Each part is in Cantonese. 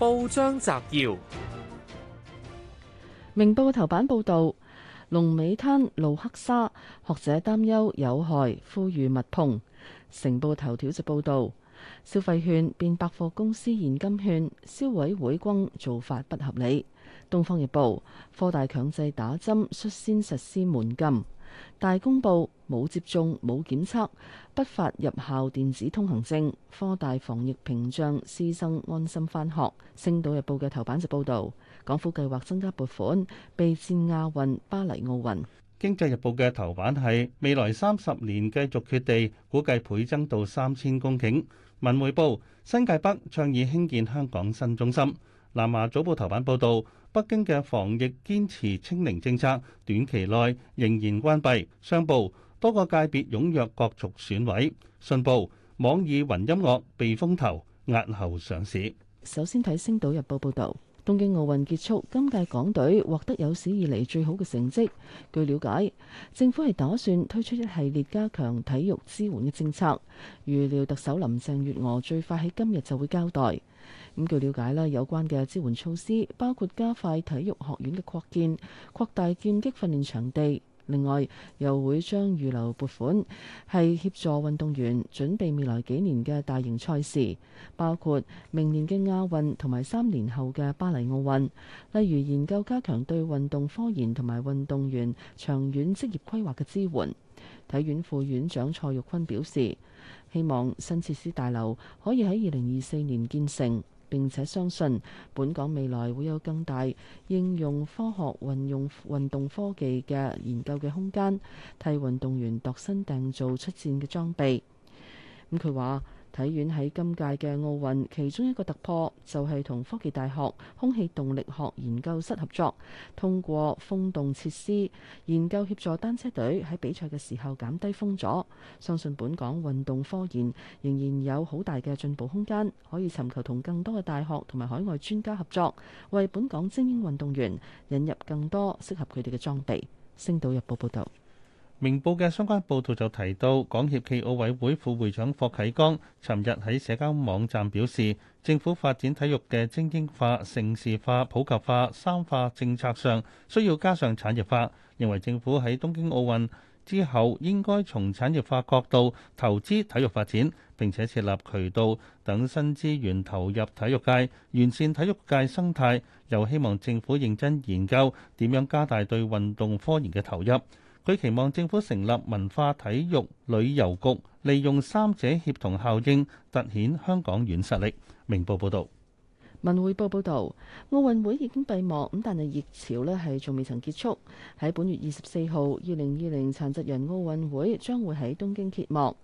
報章摘要：明報嘅頭版報道，龍尾灘露克沙，學者擔憂有害，呼籲勿碰。成報頭條就報道，消費券變百貨公司現金券，消委會：轟做法不合理。東方日報，科大強制打針，率先實施滿禁。大公報冇接種冇檢測，不發入校電子通行證。科大防疫屏障，師生安心翻學。星島日報嘅頭版就報道，港府計劃增加撥款備戰亞運、巴黎奧運。經濟日報嘅頭版係未來三十年繼續缺地，估計倍增到三千公頃。文匯報，新界北倡議興建香港新中心。南華早報頭版報道。北京嘅防疫堅持清零政策，短期內仍然關閉。商報多個界別踴躍角逐選委。信報網易雲音樂避風頭押後上市。首先睇《星島日報》報導。東京奧運結束，今屆港隊獲得有史以來最好嘅成績。據了解，政府係打算推出一系列加強體育支援嘅政策，預料特首林鄭月娥最快喺今日就會交代。咁據了解咧，有關嘅支援措施包括加快體育學院嘅擴建，擴大劍擊訓練場地。另外，又會將預留撥款係協助運動員準備未來幾年嘅大型賽事，包括明年嘅亞運同埋三年後嘅巴黎奧運，例如，研究加強對運動科研同埋運動員長遠職業規劃嘅支援。體院副院長蔡玉坤表示，希望新設施大樓可以喺二零二四年建成。並且相信本港未來會有更大應用科學、運用運動科技嘅研究嘅空間，替運動員度身訂造出戰嘅裝備。咁佢話。體院喺今屆嘅奧運其中一個突破，就係同科技大學空氣動力學研究室合作，通過風洞設施研究協助單車隊喺比賽嘅時候減低風阻。相信本港運動科研仍然有好大嘅進步空間，可以尋求同更多嘅大學同埋海外專家合作，為本港精英運動員引入更多適合佢哋嘅裝備。星島日報報道。明報嘅相關報道就提到，港協暨奧委會副會長霍啟剛，尋日喺社交網站表示，政府發展體育嘅精英化、城市化、普及化三化政策上，需要加上產業化。認為政府喺東京奧運之後，應該從產業化角度投資體育發展，並且設立渠道等新資源投入體育界，完善體育界生態。又希望政府認真研究點樣加大對運動科研嘅投入。佢期望政府成立文化、體育、旅遊局，利用三者協同效應，突顯香港軟實力。明報報道：「文匯報報道，奧運會已經閉幕，咁但係熱潮呢係仲未曾結束。喺本月二十四號，二零二零殘疾人奧運會將會喺東京揭幕。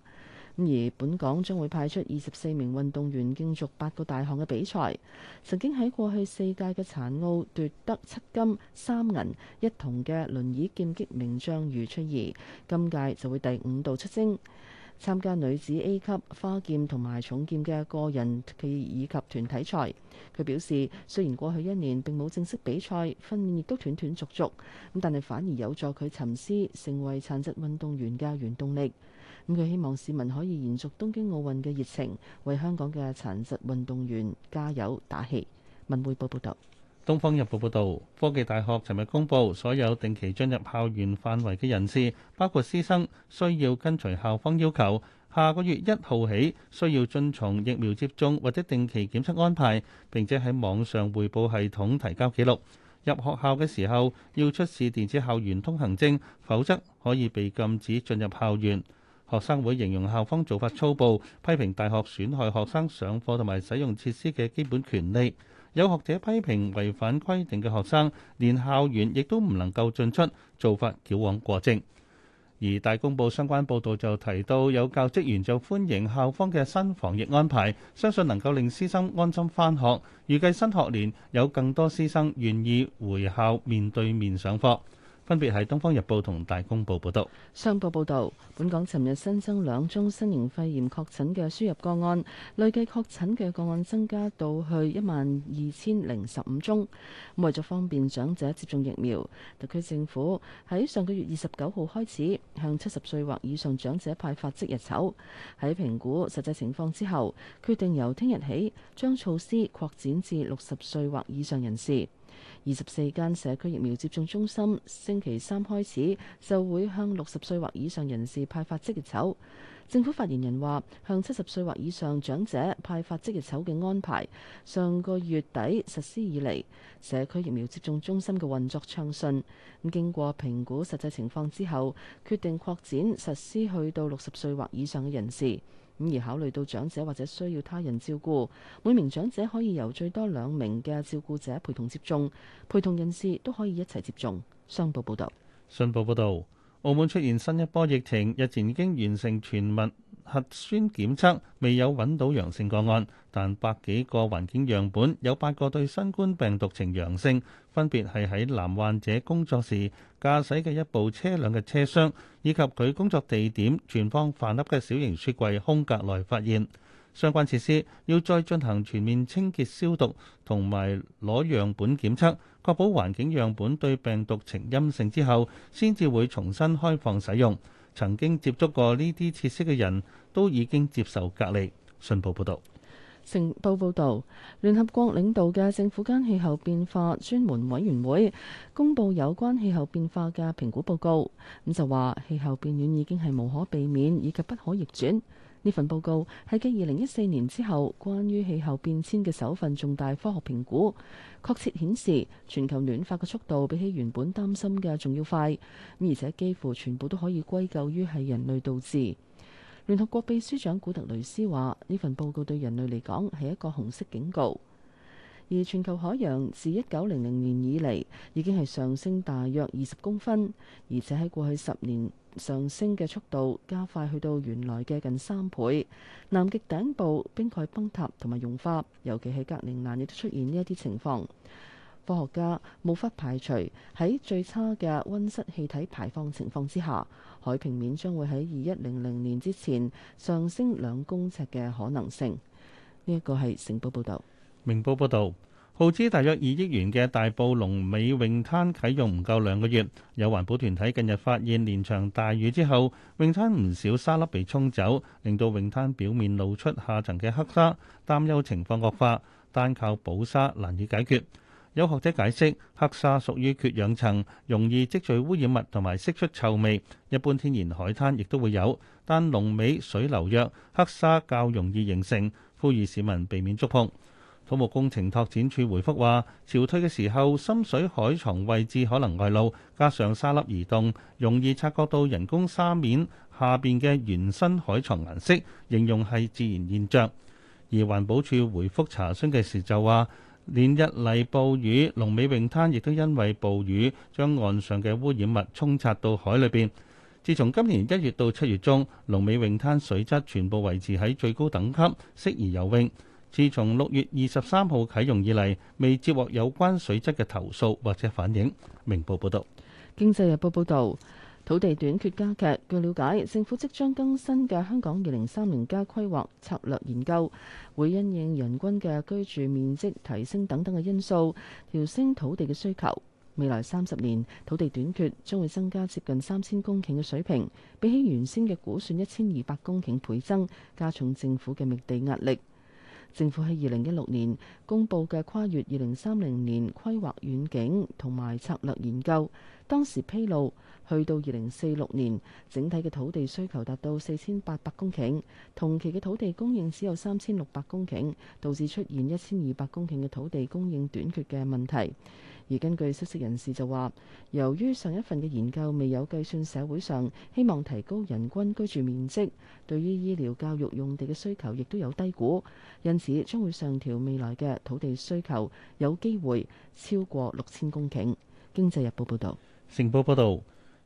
而本港將會派出二十四名運動員競逐八個大項嘅比賽。曾經喺過去四屆嘅殘奧奪得七金三銀一銅嘅輪椅劍擊名將余翠怡，今屆就會第五度出征，參加女子 A 級花劍同埋重劍嘅個人暨以及團體賽。佢表示，雖然過去一年並冇正式比賽，訓練亦都斷斷續續，咁但係反而有助佢沉思成為殘疾運動員嘅原動力。咁佢希望市民可以延續東京奧運嘅熱情，為香港嘅殘疾運動員加油打氣。文匯報報導，《東方日報》報導，科技大學尋日公布，所有定期進入校園範圍嘅人士，包括師生，需要跟隨校方要求。下個月一號起，需要遵從疫苗接種或者定期檢測安排，並且喺網上匯報系統提交記錄。入學校嘅時候要出示電子校園通行證，否則可以被禁止進入校園。學生會形容校方做法粗暴，批評大學損害學生上課同埋使用設施嘅基本權利。有學者批評違反規定嘅學生連校園亦都唔能夠進出，做法矯枉過正。而大公報相關報導就提到，有教職員就歡迎校方嘅新防疫安排，相信能夠令師生安心返學。預計新學年有更多師生願意回校面對面上課。分別係《東方日報》同《大公報》報道。商報報導，本港尋日新增兩宗新型肺炎確診嘅輸入個案，累計確診嘅個案增加到去一萬二千零十五宗。咁為咗方便長者接種疫苗，特區政府喺上個月二十九號開始向七十歲或以上長者派發即日籌。喺評估實際情況之後，決定由聽日起將措施擴展至六十歲或以上人士。二十四間社區疫苗接種中心星期三開始就會向六十歲或以上人士派發即日籌。政府發言人話：向七十歲或以上長者派發即日籌嘅安排上個月底實施以嚟，社區疫苗接種中心嘅運作暢順咁。經過評估實際情況之後，決定擴展實施去到六十歲或以上嘅人士。咁而考慮到長者或者需要他人照顧，每名長者可以由最多兩名嘅照顧者陪同接種，陪同人士都可以一齊接種。商報報道：「信報報道，澳門出現新一波疫情，日前已經完成全民核酸檢測未有搵到陽性個案，但百幾個環境樣本有八個對新冠病毒呈陽性，分別係喺男患者工作時駕駛嘅一部車輛嘅車廂，以及佢工作地點存放飯粒嘅小型雪櫃空格內發現。相關設施要再進行全面清潔消毒，同埋攞樣本檢測，確保環境樣本對病毒呈陰性之後，先至會重新開放使用。曾經接觸過呢啲設施嘅人都已經接受隔離。信報報道，信報報道，聯合國領導嘅政府間氣候變化專門委員會公佈有關氣候變化嘅評估報告，咁就話氣候變暖已經係無可避免以及不可逆轉。呢份報告係繼二零一四年之後，關於氣候變遷嘅首份重大科學評估，確切顯示全球暖化嘅速度比起原本擔心嘅仲要快，而且幾乎全部都可以歸咎於係人類導致。聯合國秘書長古特雷斯話：呢份報告對人類嚟講係一個紅色警告。而全球海洋自一九零零年以嚟已經係上升大約二十公分，而且喺過去十年，上升嘅速度加快，去到原來嘅近三倍。南極頂部冰蓋崩塌同埋融化，尤其係格陵蘭亦都出現呢一啲情況，科學家無法排除喺最差嘅溫室氣體排放情況之下，海平面將會喺二一零零年之前上升兩公尺嘅可能性。呢一個係成報報道，明報報道。耗資大約二億元嘅大埔龍尾泳灘啟用唔夠兩個月，有環保團體近日發現，連場大雨之後，泳灘唔少沙粒被沖走，令到泳灘表面露出下層嘅黑沙，擔憂情況惡化，單靠補沙難以解決。有學者解釋，黑沙屬於缺氧層，容易積聚污染物同埋釋出臭味，一般天然海灘亦都會有，但龍尾水流弱，黑沙較容易形成，呼籲市民避免觸碰。土木工程拓展處回覆話：潮退嘅時候，深水海床位置可能外露，加上沙粒移動，容易察覺到人工沙面下邊嘅原生海床顏色，形容係自然現象。而環保署回覆查詢嘅時就話：連日嚟暴雨，龍尾泳灘亦都因為暴雨將岸上嘅污染物沖刷到海裏邊。自從今年一月到七月中，龍尾泳灘水質全部維持喺最高等級，適宜游泳。自從六月二十三號啟用以嚟，未接獲有關水質嘅投訴或者反映。明報報導。《經濟日報》報導，土地短缺加劇。據了解，政府即將更新嘅香港二零三零加規劃策略研究，會因應人均嘅居住面積提升等等嘅因素，調升土地嘅需求。未來三十年，土地短缺將會增加接近三千公頃嘅水平，比起原先嘅估算一千二百公頃倍增，加重政府嘅覓地壓力。政府喺二零一六年公布嘅跨越二零三零年規劃遠景同埋策略研究，當時披露，去到二零四六年，整體嘅土地需求達到四千八百公頃，同期嘅土地供應只有三千六百公頃，導致出現一千二百公頃嘅土地供應短缺嘅問題。而根據消息人士就話，由於上一份嘅研究未有計算社會上希望提高人均居住面積，對於醫療教育用地嘅需求亦都有低估，因此將會上調未來嘅土地需求，有機會超過六千公頃。經濟日報報道。成報報道，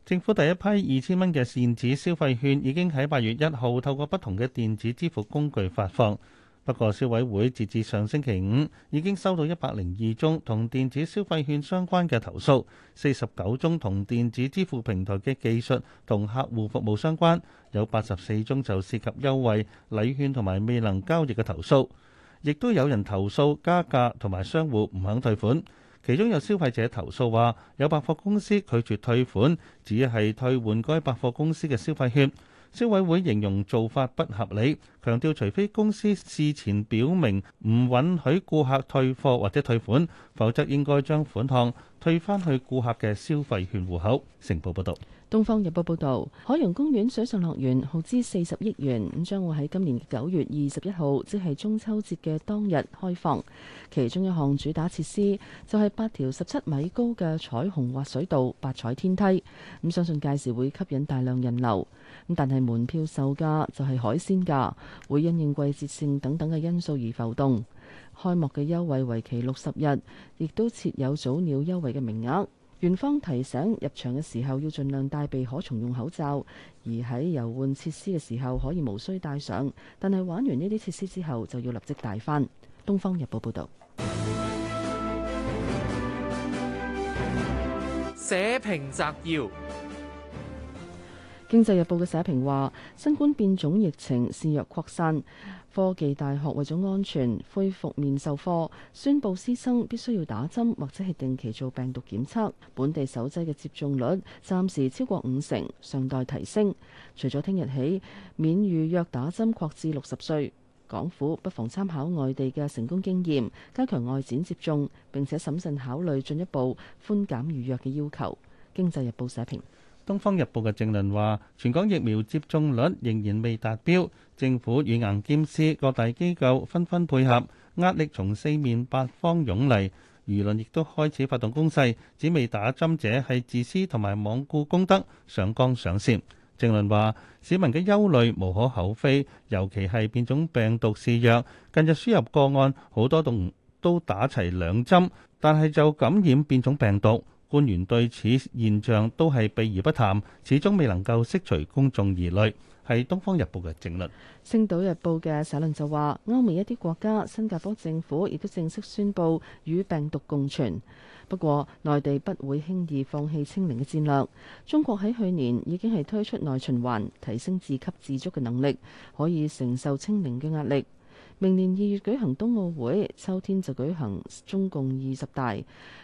政府第一批二千蚊嘅電子消費券已經喺八月一號透過不同嘅電子支付工具發放。不過，消委會截至上星期五已經收到一百零二宗同電子消費券相關嘅投訴，四十九宗同電子支付平台嘅技術同客戶服務相關，有八十四宗就涉及優惠、禮券同埋未能交易嘅投訴，亦都有人投訴加價同埋商戶唔肯退款，其中有消費者投訴話有百貨公司拒絕退款，只係退換該百貨公司嘅消費券。消委會形容做法不合理，強調除非公司事前表明唔允許顧客退貨或者退款，否則應該將款項退返去顧客嘅消費券戶口。成報報道。東方日報報道，海洋公園水上樂園耗資四十億元，咁將會喺今年九月二十一號，即係中秋節嘅當日開放。其中一項主打設施就係八條十七米高嘅彩虹滑水道，八彩天梯。咁相信屆時會吸引大量人流。咁但係門票售價就係海鮮價，會因應季節性等等嘅因素而浮動。開幕嘅優惠為期六十日，亦都設有早鳥優惠嘅名額。園方提醒，入場嘅時候要盡量帶備可重用口罩，而喺遊玩設施嘅時候可以無需戴上，但係玩完呢啲設施之後就要立即帶翻。《東方日報》報道：社評摘要。經濟日報嘅社評話：新冠變種疫情肆虐擴散，科技大學為咗安全恢復面授課，宣布師生必須要打針或者係定期做病毒檢測。本地首劑嘅接種率暫時超過五成，尚待提升。除咗聽日起免預約打針擴至六十歲，港府不妨參考外地嘅成功經驗，加強外展接種，並且審慎考慮進一步寬減預約嘅要求。經濟日報社評。《東方日報》嘅政論話：全港疫苗接種率仍然未達標，政府軟硬兼施，各大機構紛紛配合，壓力從四面八方湧嚟，輿論亦都開始發動攻勢，指未打針者係自私同埋罔顧公德，上綱上線。政論話：市民嘅憂慮無可厚非，尤其係變種病毒肆虐，近日輸入個案好多都都打齊兩針，但係就感染變種病毒。官員對此現象都係避而不談，始終未能夠釋除公眾疑慮。係《東方日報》嘅正論，《星島日報》嘅社論就話：歐美一啲國家，新加坡政府亦都正式宣布與病毒共存。不過，內地不會輕易放棄清零嘅戰略。中國喺去年已經係推出內循環，提升自給自足嘅能力，可以承受清零嘅壓力。.明年二月舉行冬奧會，秋天就舉行中共二十大，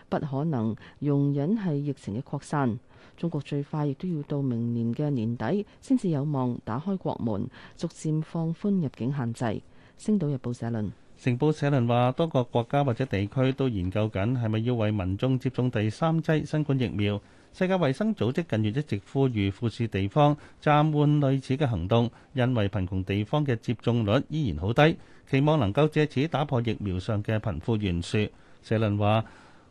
不可能容忍係疫情嘅擴散。中國最快亦都要到明年嘅年底，先至有望打開國門，逐漸放寬入境限制。星島日報社論。成報社論話，多個國家或者地區都研究緊，係咪要為民眾接種第三劑新冠疫苗。世界衛生組織近月一直呼籲富庶地方暫緩類似嘅行動，因為貧窮地方嘅接種率依然好低，期望能夠藉此打破疫苗上嘅貧富懸殊。社論話，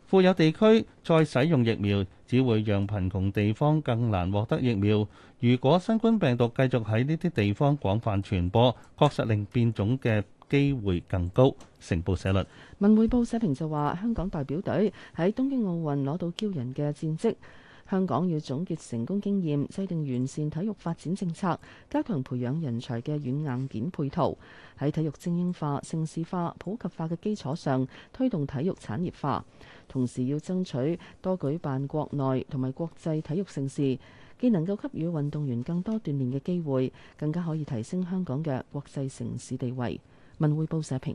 富有地區再使用疫苗，只會讓貧窮地方更難獲得疫苗。如果新冠病毒繼續喺呢啲地方廣泛傳播，確實令變種嘅機會更高。成報社論。文匯報社評就話，香港代表隊喺東京奧運攞到驕人嘅戰績。香港要總結成功經驗，制定完善體育發展政策，加強培養人才嘅軟硬件配套，喺體育精英化、城市化、普及化嘅基礎上推動體育產業化。同時要爭取多舉辦國內同埋國際體育盛事，既能夠給予運動員更多鍛鍊嘅機會，更加可以提升香港嘅國際城市地位。文匯報社評。